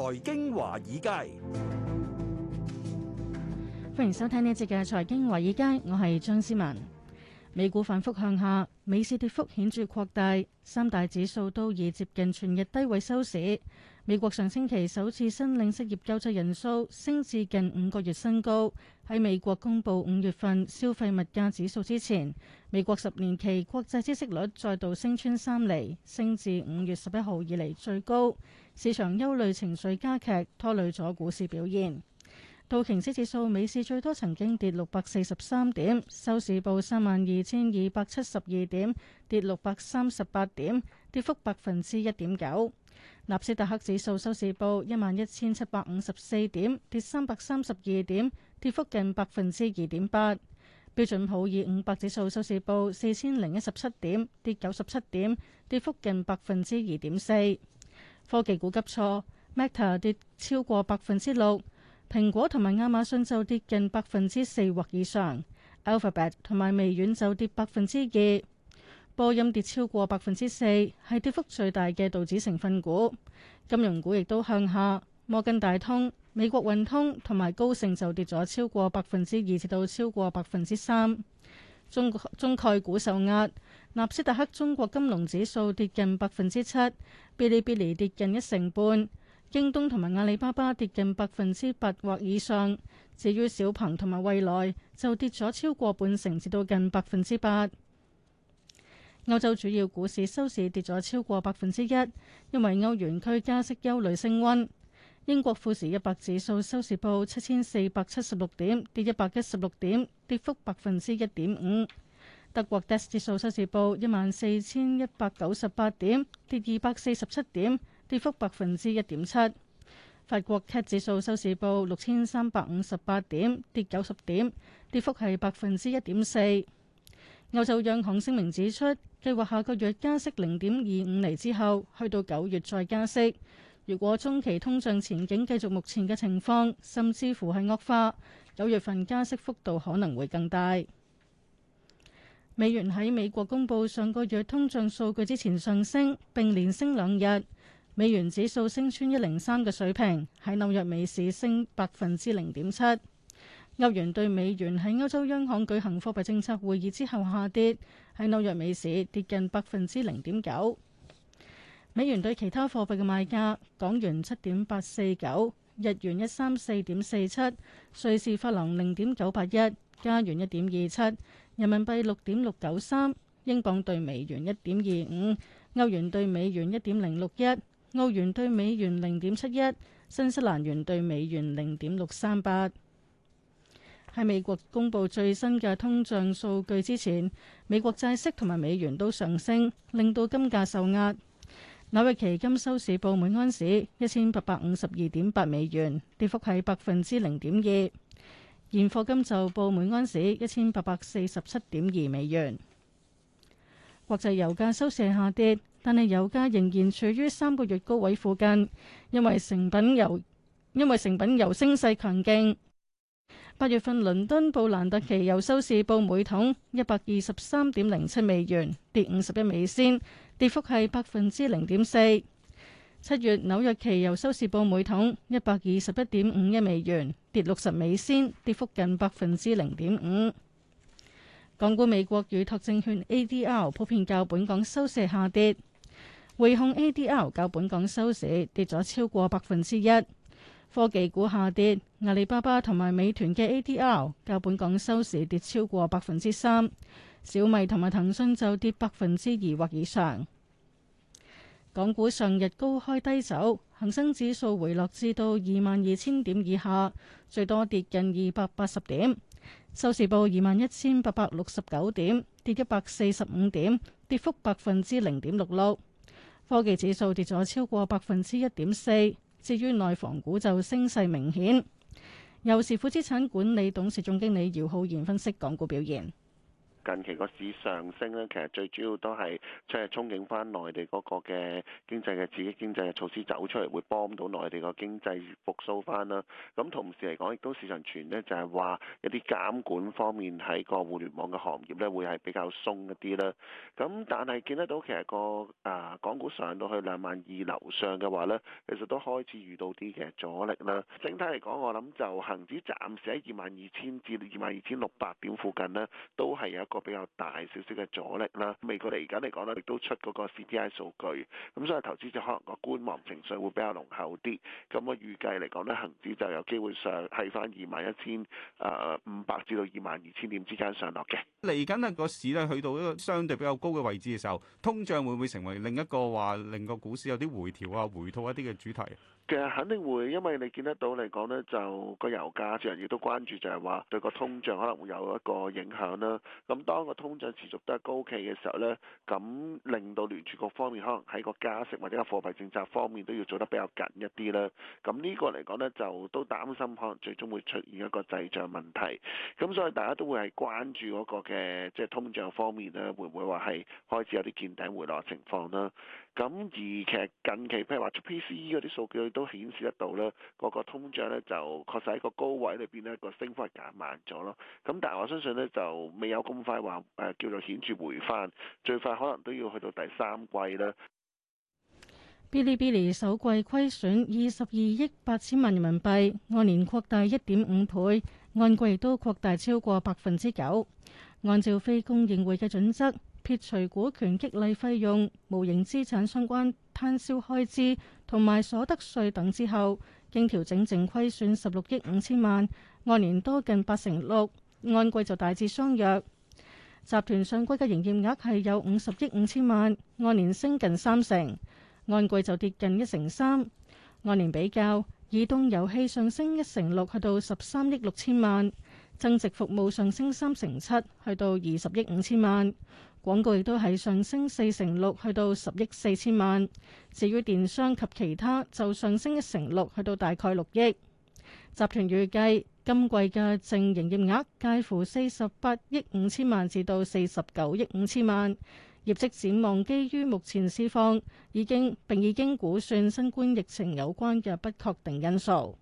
財經華爾街，歡迎收聽呢節嘅財經華爾街。我係張思文。美股反覆向下，美市跌幅顯著擴大，三大指數都已接近全日低位收市。美國上星期首次申領失業救濟人數升至近五個月新高。喺美國公布五月份消費物價指數之前，美國十年期國債息率再度升穿三厘，升至五月十一號以嚟最高。市場憂慮情緒加劇，拖累咗股市表現。道瓊斯指數美市最多曾經跌六百四十三點，收市報三萬二千二百七十二點，跌六百三十八點，跌幅百分之一點九。納斯達克指數收市報一萬一千七百五十四點，跌三百三十二點，跌幅近百分之二點八。標準普爾五百指數收市報四千零一十七點，跌九十七點，跌幅近百分之二點四。科技股急挫，Meta 跌超過百分之六，蘋果同埋亞馬遜就跌近百分之四或以上，Alphabet 同埋微軟就跌百分之二，波音跌超過百分之四，係跌幅最大嘅道指成分股。金融股亦都向下，摩根大通、美國運通同埋高盛就跌咗超過百分之二至到超過百分之三。中中概股受壓，納斯達克中國金融指數跌近百分之七，嗶哩嗶哩跌近一成半，京東同埋阿里巴巴跌近百分之八或以上。至於小鵬同埋蔚來就跌咗超過半成至，至到近百分之八。歐洲主要股市收市跌咗超過百分之一，因為歐元區加息憂慮升溫。英國富時一百指數收市報七千四百七十六點，跌一百一十六點，跌幅百分之一點五。德國 DAX 指數收市報一萬四千一百九十八點，跌二百四十七點，跌幅百分之一點七。法國 CAC 指數收市報六千三百五十八點，跌九十點，跌幅係百分之一點四。歐洲央行聲明指出，計劃下個月加息零點二五厘之後，去到九月再加息。如果中期通脹前景繼續目前嘅情況，甚至乎係惡化，九月份加息幅度可能會更大。美元喺美國公布上個月通脹數據之前上升，並連升兩日，美元指數升穿一零三嘅水平，喺紐約美市升百分之零點七。歐元兌美元喺歐洲央行舉行貨幣政策會議之後下跌，喺紐約美市跌近百分之零點九。美元對其他貨幣嘅賣價：港元七點八四九，日元一三四點四七，瑞士法郎零點九八一，加元一點二七，人民幣六點六九三，英鎊對美元一點二五，歐元對美元一點零六一，澳元對美元零點七一，新西蘭元對美元零點六三八。喺美國公布最新嘅通脹數據之前，美國債息同埋美元都上升，令到金價受壓。紐約期金收市報每安士一千八百五十二點八美元，跌幅係百分之零點二。現貨金就報每安士一千八百四十七點二美元。國際油價收市下跌，但係油價仍然處於三個月高位附近，因為成品油，因為成品油升勢強勁。八月份倫敦布蘭特期油收市報每桶一百二十三點零七美元，跌五十一美仙，跌幅係百分之零點四。七月紐約期油收市報每桶一百二十一點五一美元，跌六十美仙，跌幅近百分之零點五。港股美國預託證券 ADR 普遍較本港收市下跌，匯控 ADR 較本港收市跌咗超過百分之一。科技股下跌，阿里巴巴同埋美團嘅 ADR 較本港收市跌超過百分之三，小米同埋騰訊就跌百分之二或以上。港股上日高開低走，恒生指數回落至到二萬二千點以下，最多跌近二百八十點，收市報二萬一千八百六十九點，跌一百四十五點，跌幅百分之零點六六。科技指數跌咗超過百分之一點四。至於內房股就升勢明顯，由時富資產管理董事總經理姚浩然分析港股表現。近期個市上升咧，其實最主要都係即係憧憬翻內地嗰個嘅經濟嘅刺激經濟嘅措施走出嚟，會幫到內地個經濟復甦翻啦。咁同時嚟講，亦都市場傳咧就係話一啲監管方面喺個互聯網嘅行業咧，會係比較鬆一啲啦。咁但係見得到其實個啊港股上到去兩萬二樓上嘅話咧，其實都開始遇到啲嘅阻力啦。整體嚟講，我諗就恆指暫時喺二萬二千至二萬二千六百點附近呢，都係有個比較大少少嘅阻力啦，美國嚟緊嚟講咧，亦都出嗰個 CPI 數據，咁所以投資者可能個觀望情緒會比較濃厚啲，咁、那、我、個、預計嚟講咧，恒指就有機會上係翻二萬一千啊五百至到二萬二千點之間上落嘅。嚟緊呢個市咧去到一個相對比較高嘅位置嘅時候，通脹會唔會成為另一個話令個股市有啲回調啊、回吐一啲嘅主題？其實肯定會，因為你見得到嚟講咧，就個油價，最近亦都關注，就係話對個通脹可能會有一個影響啦。咁當個通脹持續得高企嘅時候咧，咁令到聯儲局方面可能喺個加息或者個貨幣政策方面都要做得比較緊一啲啦。咁呢個嚟講咧，就都擔心可能最終會出現一個滯脹問題。咁所以大家都會係關注嗰個嘅即係通脹方面啦，會唔會話係開始有啲見頂回落情況啦？咁而其實近期譬如話出 PCE 嗰啲數據都顯示得到咧，個個通脹咧就確實喺個高位裏邊呢個升幅係減慢咗咯。咁但係我相信咧就未有咁快話誒叫做顯著回翻，最快可能都要去到第三季啦。Bilibili 首季虧損二十二億八千萬人民幣，按年擴大一點五倍，按季都擴大超過百分之九。按照非公認會嘅準則。撇除股權激勵費用、無形資產相關攤銷開支同埋所得稅等之後，經調整淨虧損十六億五千萬，按年多近八成六，按季就大致相約。集團上季嘅營業額係有五十億五千萬，按年升近三成，按季就跌近一成三。按年比較，移動遊戲上升一成六，去到十三億六千萬，增值服務上升三成七，去到二十億五千萬。廣告亦都係上升四成六，去到十億四千萬。至於電商及其他，就上升一成六，去到大概六億。集團預計今季嘅淨營業額介乎四十八億五千萬至到四十九億五千萬。業績展望基於目前施放，已經並已經估算新冠疫情有關嘅不確定因素。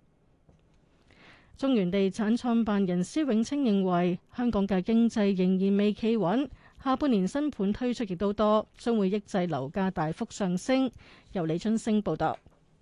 中原地產創辦人施永青認為，香港嘅經濟仍然未企穩。下半年新盤推出亦都多，將會抑制樓價大幅上升。由李春星報道，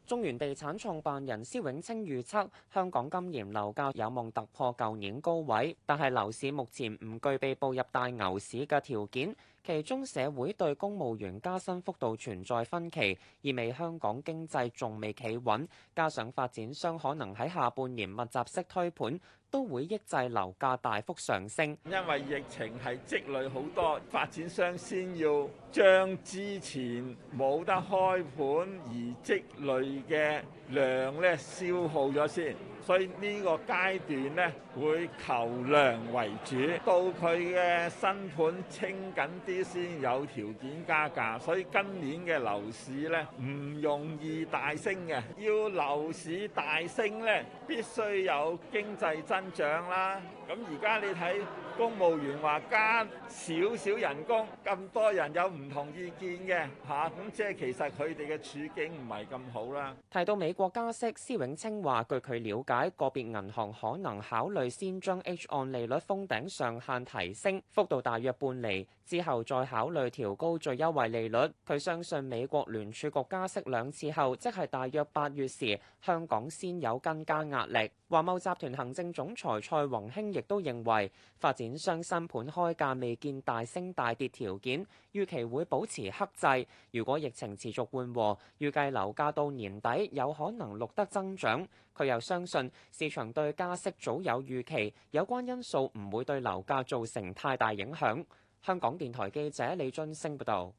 中原地產創辦人施永青預測，香港今年樓價有望突破舊年高位，但係樓市目前唔具備步入大牛市嘅條件。其中社會對公務員加薪幅度存在分歧，意味香港經濟仲未企穩。加上發展商可能喺下半年密集式推盤，都會抑制樓價大幅上升。因為疫情係積累好多，發展商先要將之前冇得開盤而積累嘅量咧消耗咗先。所以呢個階段咧，會求量為主，到佢嘅新盤清緊啲先有條件加價。所以今年嘅樓市咧，唔容易大升嘅。要樓市大升咧，必須有經濟增長啦。咁而家你睇。公務員話加少少人工，咁多人有唔同意見嘅，嚇，咁即係其實佢哋嘅處境唔係咁好啦。提到美國加息，施永青話：據佢了解，個別銀行可能考慮先將 H 按利率封頂上限提升，幅度大約半厘。之後再考慮調高最優惠利率。佢相信美國聯儲局加息兩次後，即係大約八月時，香港先有更加壓力。華懋集團行政總裁蔡宏興亦都認為，發展商新盤開價未見大升大跌條件，預期會保持克制。如果疫情持續緩和，預計樓價到年底有可能錄得增長。佢又相信市場對加息早有預期，有關因素唔會對樓價造成太大影響。香港電台記者李俊升報道，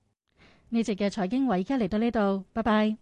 呢節嘅財經而家嚟到呢度，拜拜。